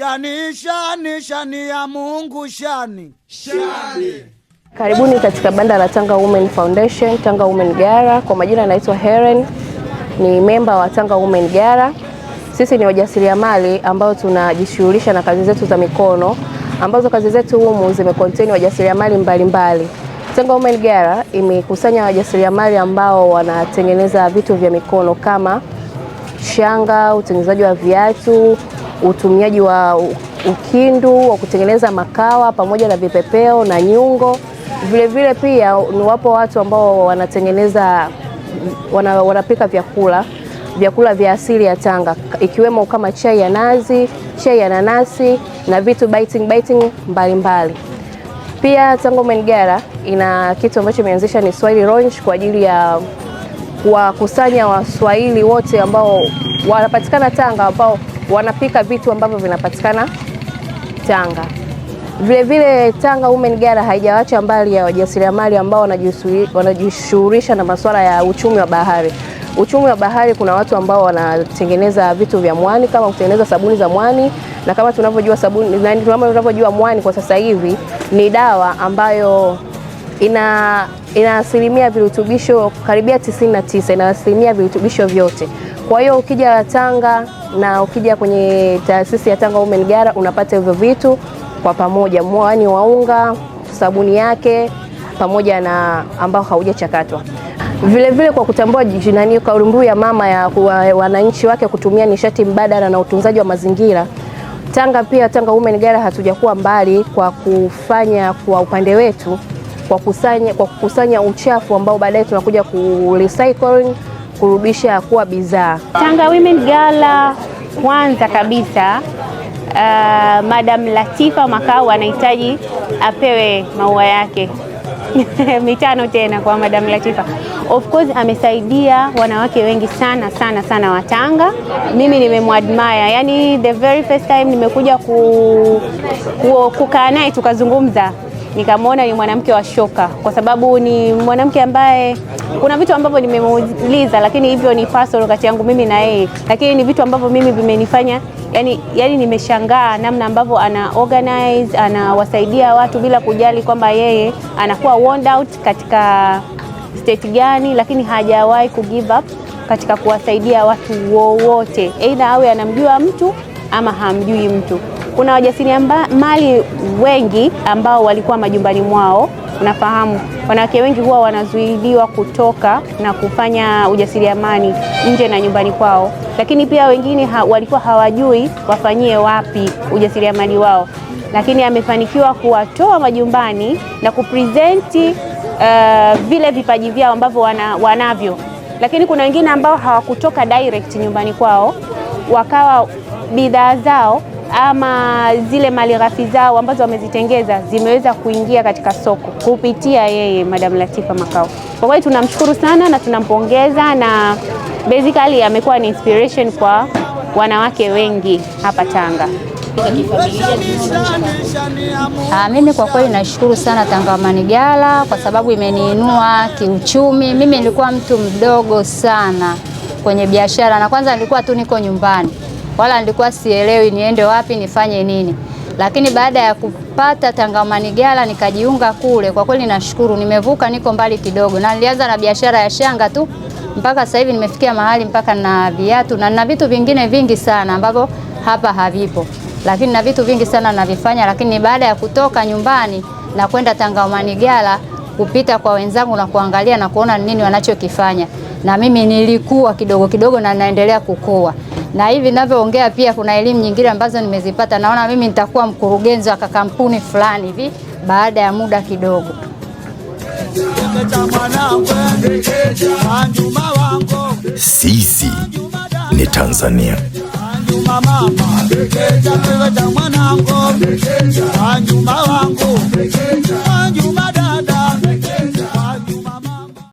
Shani shani shani ya Mungu shani shani. Karibuni katika banda la Tanga Women Foundation, Tanga Women Gara. Kwa majina anaitwa Helen, ni memba wa Tanga Women Gara. Sisi ni wajasiriamali ambao tunajishughulisha na kazi zetu za mikono ambazo kazi zetu humu zimecontain wajasiriamali mbalimbali. Tanga Women Gara imekusanya wajasiriamali ambao wanatengeneza vitu vya mikono kama shanga, utengenezaji wa viatu utumiaji wa ukindu wa kutengeneza makawa pamoja na vipepeo na nyungo. Vilevile vile pia ni wapo watu ambao wanatengeneza wana, wanapika vyakula vyakula vya asili ya Tanga ikiwemo kama chai ya nazi, chai ya nanasi na vitu biting biting mbalimbali. Pia Tango Mengera ina kitu ambacho imeanzisha ni Swahili Lounge kwa ajili ya kuwakusanya Waswahili wote ambao wanapatikana Tanga ambao wanapika vitu ambavyo vinapatikana Tanga. Vilevile Tanga Women Gala haijawacha mbali ya wajasiriamali ambao wanajishughulisha na masuala ya uchumi wa bahari. Uchumi wa bahari, kuna watu ambao wanatengeneza vitu vya mwani kama kutengeneza sabuni za mwani, na kama tunavyojua sabuni, kama tunavyojua mwani kwa sasa hivi ni dawa ambayo ina ina asilimia virutubisho karibia 99, ina asilimia virutubisho vyote. Kwa hiyo ukija Tanga na ukija kwenye taasisi ya Tanga Women Gala unapata hivyo vitu kwa pamoja, mwani wa unga, sabuni yake pamoja na ambao haujachakatwa. Vile vile kwa kutambua jinani kauli mbiu ya mama ya wananchi wake kutumia nishati mbadala na utunzaji wa mazingira, Tanga pia Tanga Women Gala hatujakuwa mbali kwa kufanya kwa upande wetu kwa kukusanya, kwa kukusanya uchafu ambao baadaye tunakuja ku recycling kurudisha kuwa bidhaa. Tanga Women Gala, kwanza kabisa uh, Madam Latifa Makau anahitaji apewe maua yake mitano tena kwa Madam Latifa. Of course amesaidia wanawake wengi sana sana sana wa Tanga. Mimi nimemwadmire, yani the very first time nimekuja ku, ku, kukaa naye tukazungumza nikamwona ni mwanamke wa shoka, kwa sababu ni mwanamke ambaye kuna vitu ambavyo nimemuuliza, lakini hivyo ni personal kati yangu mimi na yeye, lakini ni vitu ambavyo mimi vimenifanya yani, yani nimeshangaa namna ambavyo ana organize, anawasaidia watu bila kujali kwamba yeye anakuwa worn out katika state gani, lakini hajawahi ku give up katika kuwasaidia watu wowote, aidha awe anamjua mtu ama hamjui mtu kuna wajasiriamali wengi ambao walikuwa majumbani mwao. Unafahamu, wanawake wengi huwa wanazuiliwa kutoka na kufanya ujasiriamali nje na nyumbani kwao, lakini pia wengine ha, walikuwa hawajui wafanyie wapi ujasiriamali wao, lakini amefanikiwa kuwatoa majumbani na kupresenti uh, vile vipaji vyao ambavyo wana, wanavyo. Lakini kuna wengine ambao hawakutoka direct nyumbani kwao, wakawa bidhaa zao ama zile mali ghafi zao ambazo wamezitengeza zimeweza kuingia katika soko kupitia yeye Madam Latifa makao Kwa kweli tunamshukuru sana na tunampongeza, na basically amekuwa ni inspiration kwa wanawake wengi hapa Tanga. Ah, mimi kwa kweli nashukuru sana Tanga Amani Gala kwa sababu imeniinua kiuchumi. Mimi nilikuwa mtu mdogo sana kwenye biashara, na kwanza nilikuwa tu niko nyumbani wala nilikuwa sielewi niende wapi nifanye nini, lakini baada ya kupata Tangamani Gala nikajiunga kule, kwa kweli nashukuru, nimevuka, niko mbali kidogo, na nilianza na biashara ya shanga tu mpaka sasa hivi nimefikia mahali mpaka na viatu na na vitu vingine vingi sana ambavyo hapa havipo, lakini na vitu vingi sana navifanya. Lakini baada ya kutoka nyumbani na kwenda Tangamani Gala kupita kwa wenzangu na kuangalia na kuona nini wanachokifanya, na mimi nilikuwa kidogo kidogo na naendelea kukua na hivi ninavyoongea pia kuna elimu nyingine ambazo nimezipata. Naona mimi nitakuwa mkurugenzi wa kampuni fulani hivi baada ya muda kidogo. Sisi ni Tanzania.